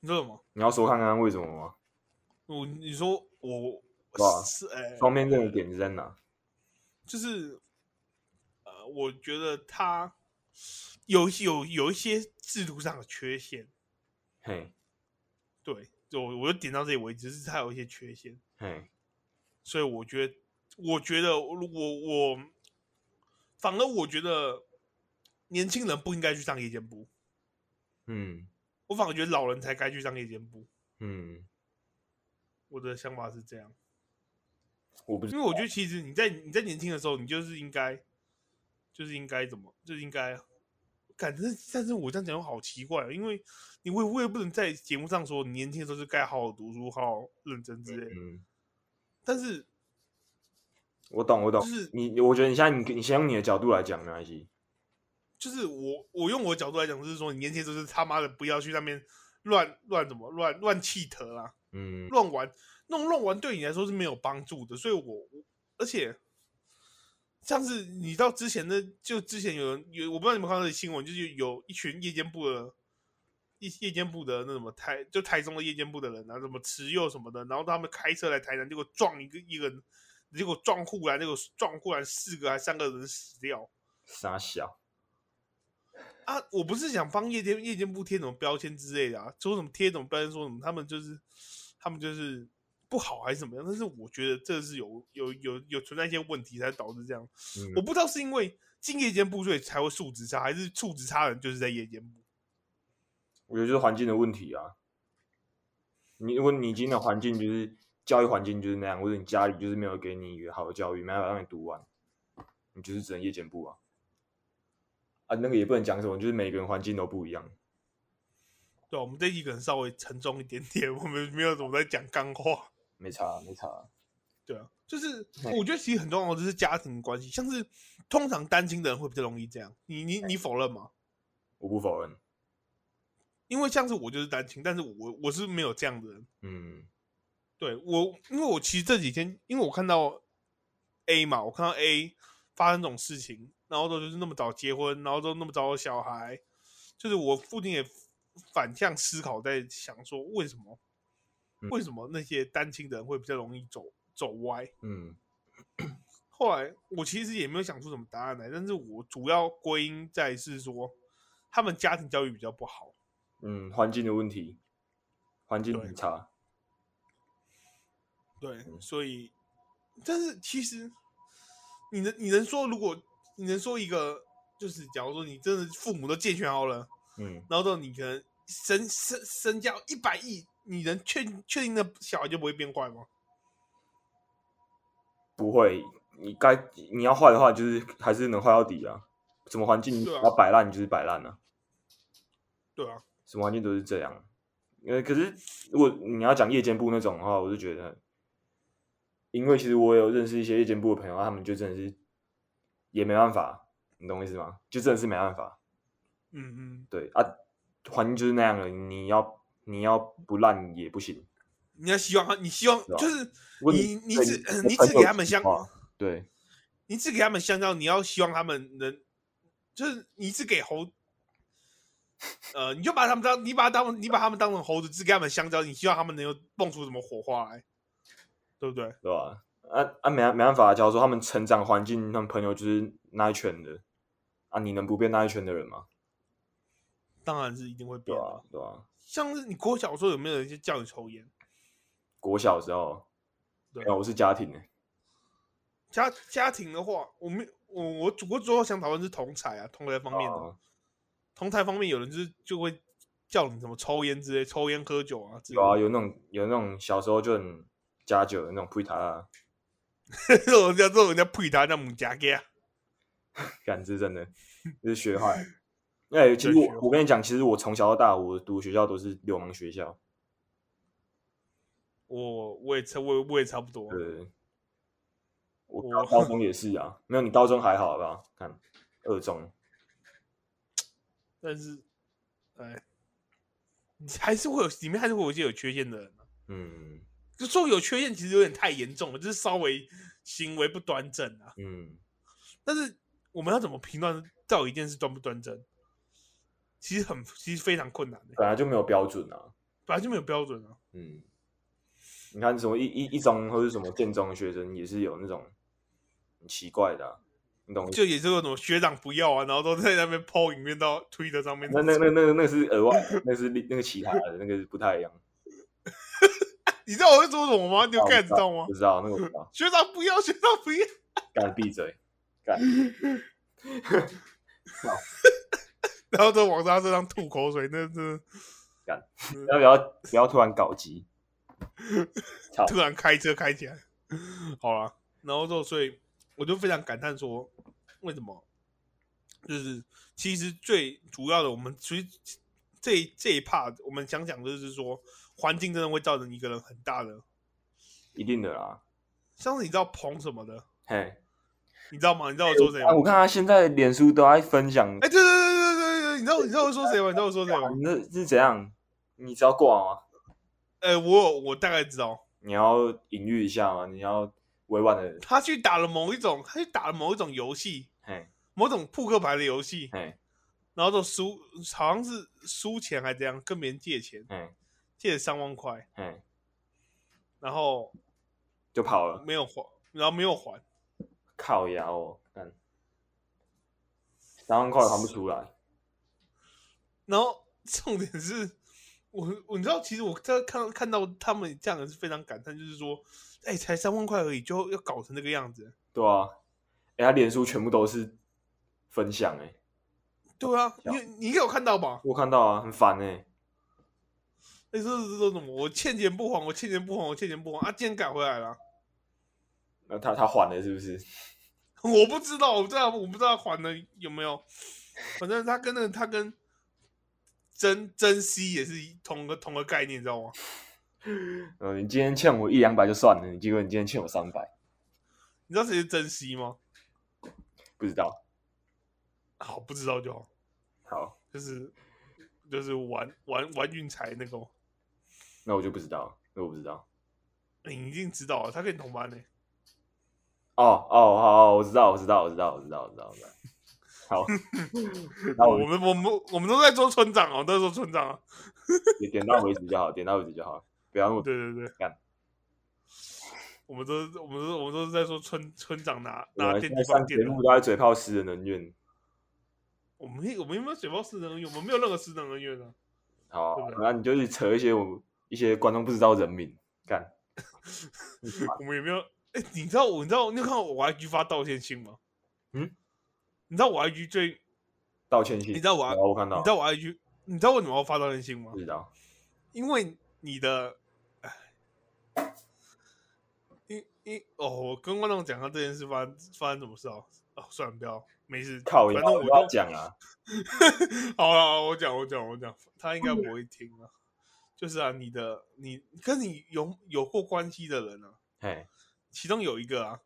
你說什麼？你要說看看為什麼嗎？我你說我哇是哎，欸、雙面刃的點在哪？呃、就是呃，我覺得他有有有一些制度上的缺陷。嘿，對。就我就點到這裡為止，就是它有一些缺陷。嗯，所以我覺得，我覺得如果我，我，反而我覺得年輕人不應該去上夜間部。嗯，我反而覺得老人才該去上夜間部。嗯，我的想法是這樣。因為我覺得其實你在你在年輕的時候，你就是應該，就是應該怎麼，就是應該但是但是我這樣講我好奇怪，因為你會，我也不能在節目上說你年輕的時候是該好好讀書、好好認真之類的。的、嗯嗯。但是，我懂我懂，就是你，我覺得你現在你你先用你的角度來講沒關係。就是我我用我的角度來講，就是說你年輕的時候就是他媽的不要去那邊亂亂什麼，亂亂氣得啦、嗯，亂玩那種亂玩，對你來說是沒有幫助的。所以我而且。像是你到之前的，就之前有人有，我不知道你們看到的新聞，就是有一群夜間部的，夜間部的那什麼台，就台中的夜間部的人啊，什麼持有什麼的，然後他們開車來台南，結果撞一個一個人，結果撞護欄，結果撞護欄，四個還三個人死掉，傻小。啊，我不是想幫夜間夜間部貼什麼標籤之類的啊，說什麼貼什麼標籤，說什麼他們就是，他們就是。不好還是怎麼樣？但是我覺得這是有有有有存在一些問題才導致這樣。嗯、我不知道是因為進夜間部所以才會素質差，還是素質差的人就是在夜間部。我覺得就是環境的問題啊。你如果你今天的環境就是教育環境就是那樣，或者你家裡就是沒有給你一個好的教育，沒有讓你讀完，你就是只能夜間部啊。啊，那個也不能講什麼，就是每個人環境都不一樣。對，我們這一集可能稍微沉重一點點，我們沒有怎麼在講幹話。沒差啊，沒差啊。對啊，就是我覺得其實很重要，就是家庭關係，像是通常單親的人會比較容易這樣。你你你否認嗎？我不否認，因為像是我就是單親，但是我我是沒有這樣的人。嗯，對，我，因為我其實這幾天，因為我看到 A 嘛，我看到 A 發生這種事情，然後就是那麼早結婚，然後都那麼早有小孩，就是我父親也反向思考，在想說為什麼。為什麼那些單親的人會比較容易走走歪？嗯，後來我其實也沒有想出什麼答案來，但是我主要歸因在是說他們家庭教育比較不好。嗯，環境的問題，環境很差。對，對嗯、所以，但是其實你能你能說，如果你能說一個，就是假如說你真的父母都健全好了，嗯，然後到你可能身身身家一百億。你能確確定的小孩就不會變壞嗎？不會，你該你要壞的話，就是還是能壞到底啊。什麼環境你要擺爛，你就是擺爛了。對啊，什麼環境都是這樣。呃，可是如果你要講夜間部那種的話，我就覺得，因為其實我有認識一些夜間部的朋友，他們就真的是也沒辦法，你懂我意思嗎？就真的是沒辦法。嗯嗯，對啊，環境就是那樣的，你要。你要不爛也不行，你要希望他，你希望是就是你，你只你只給他們香對，你只給他們香蕉，你要希望他們能，就是你只給猴， 呃，你就把他們當，你把他當，你把他們當成猴子，只給他們香蕉，你希望他們能夠蹦出什麼火花來，對不對？對吧、啊？啊啊，沒沒辦法，假如說他們成長環境、他們朋友就是那一圈的，啊，你能不變那一圈的人嗎？當然是一定會變的，對吧、啊？對啊。像是你國小的時候有沒有人叫你抽菸？國小的時候，對，我是家庭的家家庭的話，我沒我我我主要想討論是同儕啊，同儕方面的。Oh. 同儕方面有人就是就會叫你什麼抽菸之類，抽菸喝酒啊、這個。有啊，有那種有那種小時候就很家酒的那種配他啊。這種這人家配他家、啊，那種家給感知真的，就是學壞。 哎、欸，其實我我跟你講，其實我從小到大，我讀的學校都是流氓學校。我我也差，我我也差不多。對、呃、我高中也是啊，沒有你高中還好吧？看二中，但是，哎、欸，你還是會有，裡面還是會有些有缺陷的人、啊。嗯。就說有缺陷，其實有點太嚴重了，就是稍微行為不端正啊。嗯。但是我們要怎麼評斷到底一件事端不端正？其實很，其實非常困難的、欸。本來就沒有標準啊。本來就沒有標準啊。嗯，你看什麼一一一中或者什麼電中的學生也是有那種很奇怪的、啊，你懂嗎？就也是那種學長不要啊，然後都在那邊 PO 影片到推 r 上面。那那那那那是額外，那是，那，是那個其他的， 那個不太一樣。 你知道我會說什麼嗎？你有 e 知道嗎？不知道，知道那個道。 學長不要，學長不要。幹閉嘴，幹。 然後就往他身上吐口水，那是不要不要 不要突然搞急， 突然開車開起來， 好了。然後就所以我就非常感嘆說，為什麼？就是其實最主要的，我們其實這這一 part 我們想講的就是說環境真的會造成一個人很大的，一定的啦。像是你知道捧什麼的，嘿，你知道嗎？你知道我說誰嗎、欸？我看他現在臉書都愛分享，哎、欸，對對對，對。你知道？你知道我說誰嗎？你知道我說誰嗎？那是怎樣？你知道過嗎？哎，我我大概知道。你要隱喻一下嘛，你要委婉的。他去打了某一種，他去打了某一種遊戲，某種撲克牌的遊戲，然後就輸，好像是輸錢還怎樣，跟別人借錢，借了三萬塊，然後就跑了，沒有還，然後沒有還。靠呀！哦，三萬塊還不出來。然後重點是，我我你知道，其實我在看看到他們這樣的是非常感嘆，就是說，哎、欸，才三萬塊而已，就要搞成那個樣子。對啊，哎、欸，他臉書全部都是分享、欸，哎，對啊，你你有看到吧？我看到啊，很煩哎、欸，哎、欸，這是這種我欠錢不還，我欠錢不還，我欠錢不還，我錢不還啊，竟然改回來了。那、呃、他他還了是不是？我不知道，我不知道，我不知道還了有沒有，反正他跟那個、他跟。珍珍惜也是同個同個概念，你知道嗎？嗯、呃，你今天欠我一兩百就算了，結果你今天欠我三百，你知道什麼是珍惜嗎？不知道，好，不知道就好。好，就是就是玩玩玩運財那個，那我就不知道，那我不知道。欸、你一定知道了，他跟你同班的。哦哦好,好，我知道，我知道，我知道，我知道，我知道。 好，那 我們 我們我們，我們都在做村長哦，都在做村長。你 點到為止就好，點到為止就好，不要那麼。對對對，幹。我們都是我們都是我們都是在說村村長拿拿電梯關電。全部都在嘴炮私人恩怨。我們我們有沒有嘴炮私人恩怨？我們沒有任何私人恩怨啊。好對對對，那你就去扯一些我們一些觀眾不知道人名，幹。 我們有沒有？哎、欸，你知道我，你知道你，知道你看到我 IG 發道歉信嗎？嗯。你知道我 IG 最道歉信？你知道我，我看到。你知道我 IG？、嗯、你知道我為什麼要發道歉信嗎？不知道。因為你的，因因哦，我跟觀眾講他這件事發生發生什麼事哦、啊？哦，算了，不要，沒事，反正我都講了。好了，我講、啊， 我講，我講，他應該不會聽啊、嗯。就是啊，你的，你跟你有有過關係的人啊，其中有一個啊，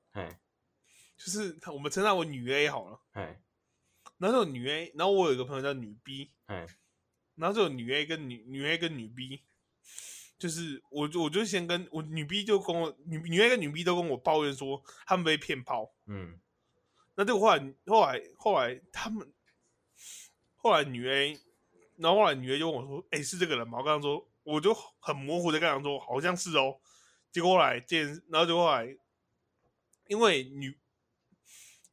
就是他，我們稱他為女 A 好了。哎、hey，然後女 A，然後我有一個朋友叫女 B。哎，然後這種女 A 跟女女 A 跟女 B，就是我我就先跟我女 B 就跟我女女 A 跟女 B 都跟我抱怨說他們被騙炮。嗯，那這個後來後來後來他們後來女 A，然後後來女 A 就問我說：“哎、欸，是這個人嗎？”我剛剛說，我就很模糊的跟他說：“好像是哦。”結果後來見，然後就後來因為女。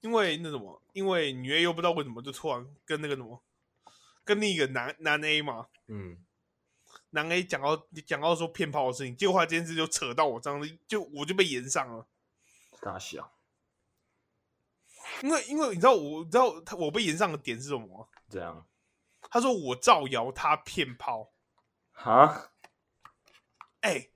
因為那什麼，因為女 A 又不知道為什麼就突然跟那個什麼，跟那個男男 A 嘛，嗯，男 A 講到講到說騙炮的事情，結果話這件事就扯到我這樣子，就我就被言上了。大小。因為因為你知道我，我知道他我被炎上的點是什麼、啊？這樣？他說我造謠他騙炮。哈？哎、欸，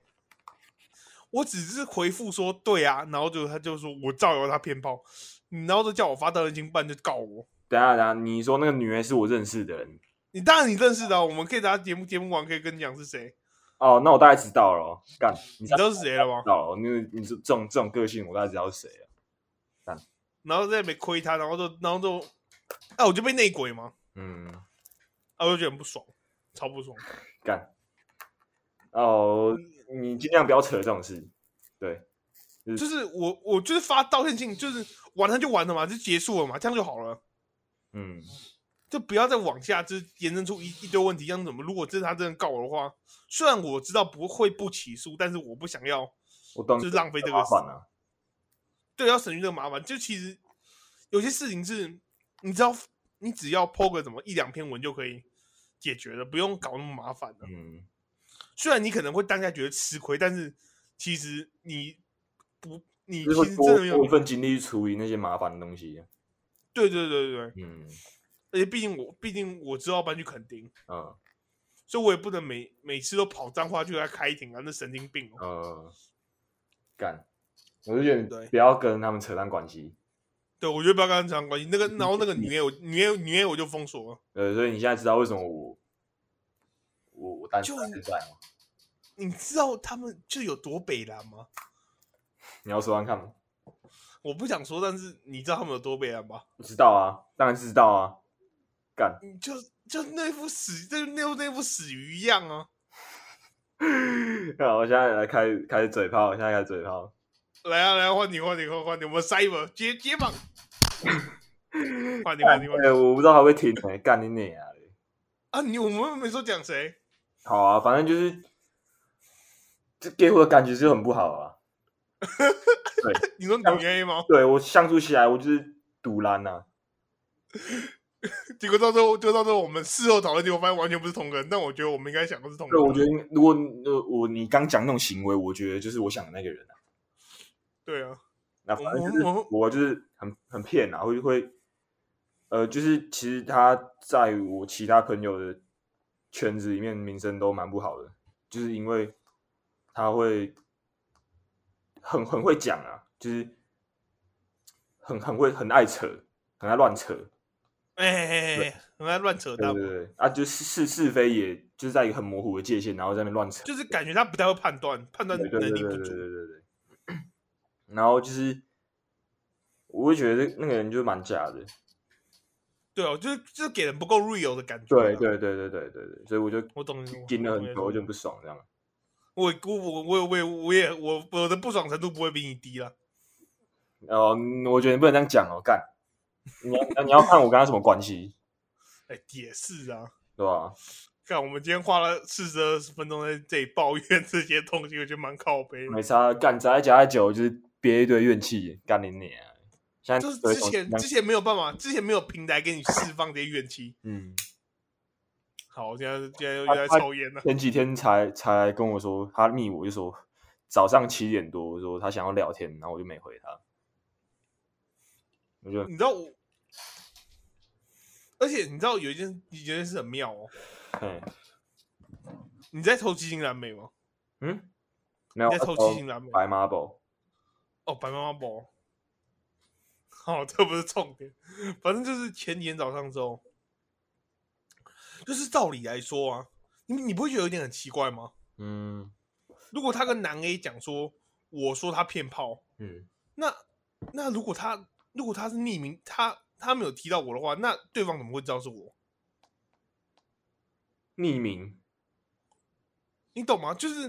我只是回復說對啊，然後就他就說我造謠他騙炮。你然後就叫我發到人情辦，就告我。等一下，等下，你說那個女人是我認識的人？你當然你認識的，我們可以等節目節目完可以跟你講是誰。哦，那我大概知道了，幹，你知道，你知道是誰了嗎？知道了，你你這這種這種個性我大概知道是誰了，幹。然後這也沒虧他，然後就然後就，哎、啊，我就被內鬼嗎？嗯，啊，我就覺得很不爽，超不爽。幹，哦，你盡量不要扯這種事，對。就是我，我就是發道歉信，就是完了就完了嘛，就結束了嘛，這樣就好了。嗯，就不要再往下，就是延伸出一一堆問題，這樣怎麼？如果真的他真的告我的話，雖然我知道不會不起訴，但是我不想要就，我當是浪費這個麻煩了、啊。對，要省去這個麻煩。就其實有些事情是，你知道，你只要破個什麼一兩篇文就可以解決了，不用搞那麼麻煩的。嗯，雖然你可能會當下覺得吃虧，但是其實你。不，你其實真的沒有、就是、一份精力去處理那些麻煩的東西、啊。對對對對嗯，而且畢竟我畢竟我知道搬去墾丁，嗯，所以我也不能每每次都跑彰化去開庭啊，那神經病嗯、喔。幹、呃。我是覺得不要跟他們扯上關係。對，我覺得不要跟他們扯上關係。那個，然後那個女的，我 女女我就封鎖了。呃，所以你現在知道為什麼我我我單身、啊、你知道他們就有多北藍嗎？你要說完看，看嗎？我不想說，但是你知道他們有多悲哀嗎？我知道啊，當然知道啊。幹，你就就那副死，就那副那副死魚一樣啊！好，我現在來開開嘴炮，我現在開嘴炮。來啊，來換、啊、你，換你，換換你，你，我們塞伯接接棒。換 你，換你，哎、啊，我不知道他會聽誰、欸，幹你，你哪呀嘞？啊，你我們沒說講誰。好啊，反正就是，這給我的感覺就很不好啊。對， 你說你願意嗎？對我相處起來，我就是賭爛吶。結果到最後，就到最後，我們事後討論結果發現完全不是同個人。但我覺得我們應該想的是同個人。對，我覺得如果、呃、我你剛講那種行為，我覺得就是我想的那個人啊。對啊，那、啊、反正、就是、我，我，我就是很很騙啊，就會，會呃，就是其實他在我其他朋友的圈子裡面名聲都蠻不好的，就是因為他會。很很會講啊，就是很很會很愛扯，很愛亂扯，哎、欸，很愛亂扯，對對對，啊，就是是是非也，也就是在一個很模糊的界限，然後在那邊亂扯，就是感覺他不太會判斷，判斷能力不足，對對對、對、對、對、對、對、對、對、對 然後就是，我會覺得那個人就蠻假的，對哦，就是就是給人不夠 real 的感覺，啊，對對、對對對對對對對，所以我就我懂，頂了很久，有點不爽這樣。我我我我我也我我的不爽程度不會比你低了。哦、嗯，我覺得你不能這樣講哦、喔，幹！你要你要看我跟他什麼關係？哎、 欸，也是啊，對吧、啊？看我們今天花了四十二十分鐘在這裡抱怨這些東西，我覺得蠻靠背。沒差，幹，宅家宅在久就是憋一堆怨氣，幹你娘！就是之前是之前沒有辦法，之前沒有平台給你釋放這些怨氣， 嗯。好，現在現在又在抽煙了。前幾天才才跟我說，他密我就說早上七點多的時候，說他想要聊天，然後我就沒回他。我就你知道我，而且你知道有一件一件事很妙哦。嗯、你在抽七星藍莓嗎？嗯，你在抽七星藍莓，白麻 a 哦，白麻 a 哦，好，這個、不是重點，反正就是前天早上之後。就是照理來說啊，你你不會覺得有點很奇怪嗎？嗯，如果他跟男 A 講說，我說他騙炮，嗯、那那如果他如果他是匿名，他他沒有提到我的話，那對方怎麼會知道是我？匿名，你懂嗎？就是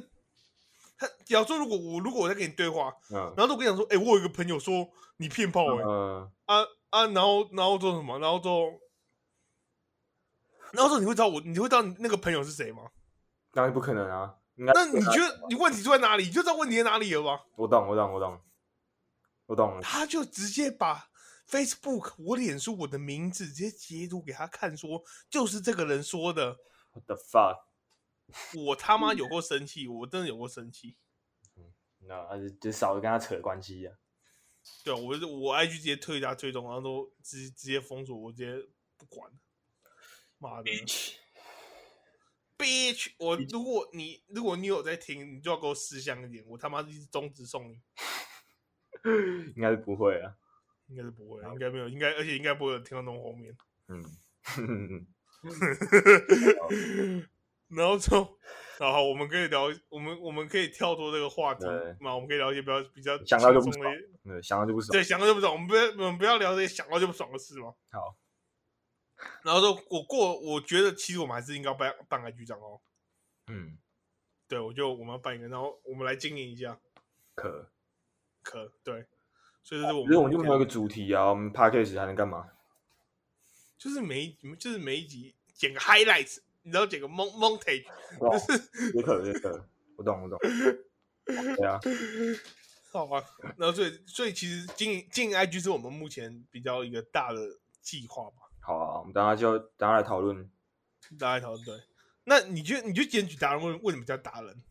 他，假如說如，如果我如果我在跟你對話，嗯、然後我跟你講說，哎、欸，我有一個朋友說你騙炮、欸，哎、呃，啊啊，然後然後做什麼？然後做。然後說你會知道我，你會知道那個朋友是誰嗎？那不可能啊！那你覺得你問題出在哪裡？你就知道問題在哪裡了嗎我？我懂，我懂，我懂，我懂。他就直接把 Facebook 我臉書我的名字，直接截圖給他看說，說就是這個人說的。What the fuck！我他媽有夠生氣， 我真的有夠生氣。那、no, 那就少跟他扯關係呀、啊。對啊，我我 I G 直接退下退動，然後都直直接封鎖，我直接不管媽的，bitch，我如果你、Beach. 如果你有在聽，你就要給我識相一點，我他媽一直中指送你。 應該是不會啊，應該是不會啊，應該沒有，應該而且應該不會有聽到那種後面。嗯， 然後從，然後我們可以聊，我們我們可以跳脫這個話題嘛，我們可以聊一些比較比較的想到就不爽，對，想到就不爽，對，想到就不爽，我們不要我們不要聊這些想到就不爽的事嘛。好。然後說，我過，我覺得其實我們還是應該辦辦個 IG 長哦。嗯，對，我就我們要辦一個，然後我們來經營一下。可可對，所以就是我們、啊。其實我們就沒有一個主題啊，嗯、我們 Podcast 還能幹嘛？就是每一就是每一集剪個 highlights，你知道剪個 montage 哦，也可 也可，我懂我懂。 對啊，好啊。然後所以所以其實經營經營 IG 是我們目前比較一個大的計劃吧。好啊，我們等下就等下來討論，等下來討論對。那你就你就檢舉達人問，為什麼叫達人？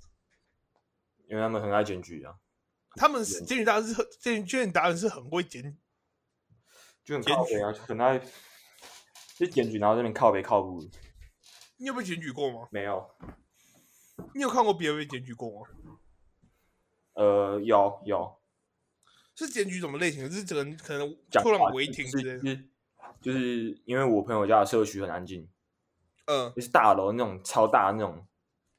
因為他們很愛檢舉啊。他們檢舉達人是檢這舉達人是很會檢，就很靠北啊，很愛就檢舉，舉然後這邊靠北靠不。你有被檢舉過嗎？沒有。你有看過別人被檢舉過嗎？呃，有有。是檢舉什麼類型？是可能可能觸犯違停之類的。就是因為我朋友家的社區很安靜，嗯、呃，就是大樓那種超大的那種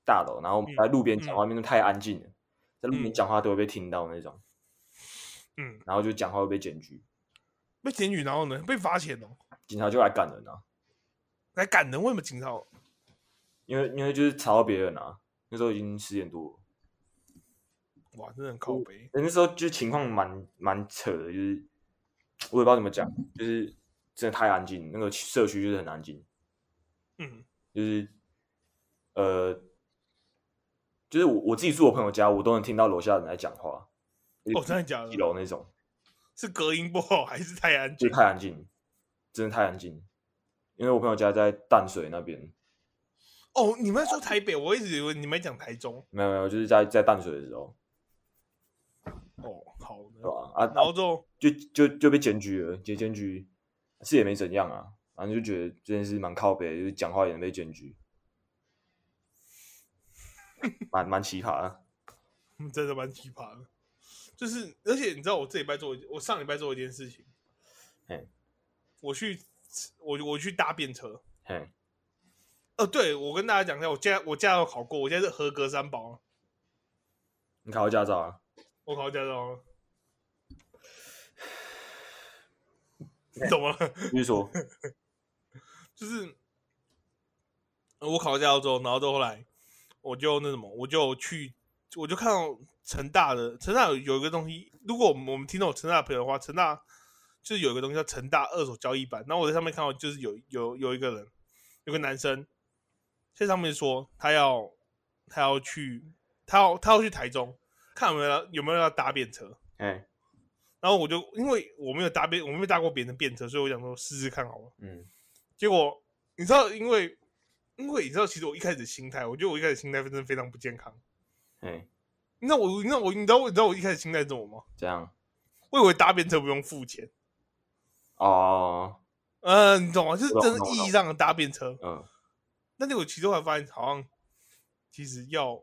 大樓，然後在路邊講，話，那邊都太安靜了，嗯嗯，在路邊講話都會被聽到那種，嗯，然後就講話會被檢舉，被檢舉，然後呢，被罰錢哦，警察就來趕人啊，來趕人？為什麼警察？因為因為就是吵到別人啊，那時候已經十點多了，哇，真的很靠北。那時候就情況蠻蠻扯的，就是我也不知道怎麼講，就是。真的太安靜，那個社區就是很安靜，嗯，就是呃，就是我我自己住我朋友家，我都能聽到樓下人在講話。哦，真的假的？一樓那種是隔音不好，哦，還是太安靜？太安靜，真的太安靜。因為我朋友家在淡水那邊。哦，你們說台北，我一直以為你們講台中。沒有沒有，就是在在淡水的時候。哦，好的。對吧？啊，然後、啊、就就就被檢舉了，檢檢舉。是也沒怎樣啊，反正就覺得這件事蠻靠北，就是講話也能被檢舉，蠻蠻奇葩的，啊 真的蠻奇葩的。就是，而且你知道我這禮拜做我上禮拜做一件事情，我去，我我去搭便車，嘿，哦，對，我跟大家講一下，我駕我駕照考過，我現在是合格三寶。你考駕照啊？我考駕照啊。怎麼了？你說， 就是我考駕照之後然後到後來，我就那什麼，我就去，我就看到成大的，成大有一個東西，如果我們，我們聽到我成大的朋友的話，成大就是有一個東西叫成大二手交易版，然後我在上面看到，就是有有有一個人，有個男生在上面說他要他要去他要他要去台中，看有沒有有沒有要搭便車？哎。然後我就因為我沒有搭別，我沒有搭過別人的便車，所以我想說試試看好了。嗯。結果你知道，因為因為你知道，其實我一開始心態，我覺得我一開始心態真的非常不健康。哎。那我，那我，你知道，我你知道我，你知道我一開始心態是什麼嗎？這樣。我以為搭便車不用付錢。哦。嗯、呃，你懂嗎？就是真的意義上的搭便車。嗯。嗯，但是，我其實後來發現，好像其實要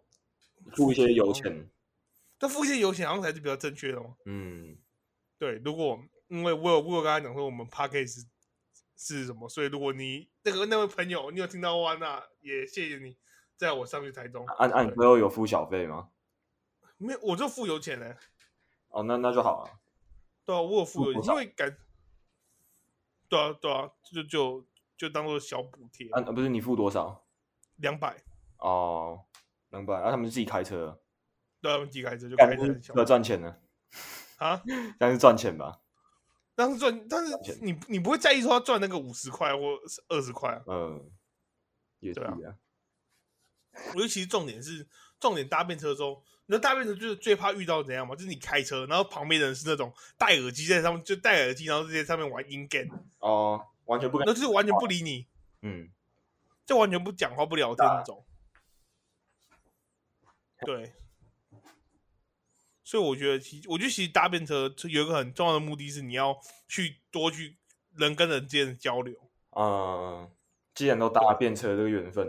付一些油錢。那付一些油錢好像才是比較正確的嗎？嗯。對，如果因為我有，我有剛才講說我們 parking 是是什麼，所以如果你那個那位朋友你有聽到的話，那也謝謝你，在我上去台中。按、啊、按、啊、你最後有付小費嗎？沒有，我就付油錢嘞。哦，那那就好了，啊嗯。對啊，我有付油錢，付，因為趕。對啊對啊，就就就當做小補貼。啊不是你付多少？兩百。哦，兩百，啊，然後，啊、他們自己開車。對，他們自己開車就開車要，啊、賺錢呢。啊，但是賺錢吧，但是賺，但是你你不會在意說他賺那個五十塊或是二十塊，嗯，也啊對啊，尤其是重點是，重點搭便車中，那搭便車就是最怕遇到怎樣嘛？就是你開車，然後旁邊的人是那種戴耳機在上面，就戴耳機，然後在上面玩 IG 哦，完全不，那就是完全不理你，嗯，就完全不講話不聊天那種，對。所以我覺得，其實我覺得其實搭便車有一個很重要的目的是，你要去多去人跟人之間的交流。嗯、呃，既然都搭便車，這個緣分、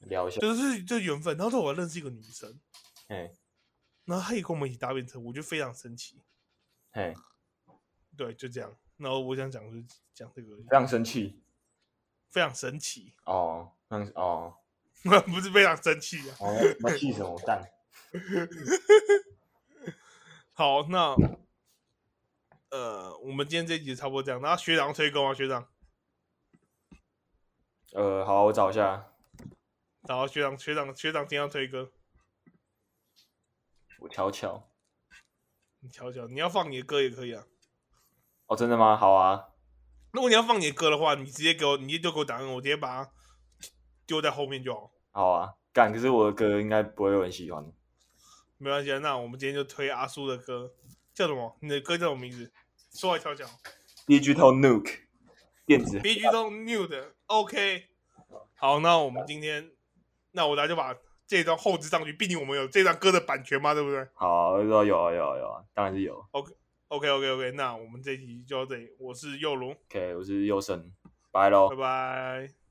嗯、聊一下，就是這緣、就是、分。然後我認識一個女生，嘿，然後他也跟我們一起搭便車，我覺得非常神奇。嘿，對，就這樣。然後我想講就講這個，非常生氣，非常神奇哦，很哦，我 不是非常生氣啊，我、哦、氣什麼蛋？ 好，那，呃，我們今天這一集差不多這樣。那學長推歌嗎？學長，呃，好啊，我找一下。好啊，學長，學長，學長，今天推歌。我瞧瞧。你瞧瞧，你要放你的歌也可以啊。哦，真的嗎？好啊。如果你要放你的歌的話，你直接給我，你就給，給我答案，我直接把它丟在後面就好。好啊，幹。可是我的歌應該不會有人喜歡。沒關係啊，那我們今天就推阿蘇的歌，叫什麼？你的歌叫什麼名字？說來聽聽。Digital Nuke，電子。 Digital Nuke，OK、okay。好，那我們今天，那我來就把這段後置上去，畢竟我們有這張歌的版權嘛，對不對？好，知道、啊、有啊，有啊，有啊，當然是有。OK，OK，OK，OK，、okay, okay, okay, 那我們這集就到這裡。我是 y 佑龍，OK，我是佑生，拜嘍，拜拜。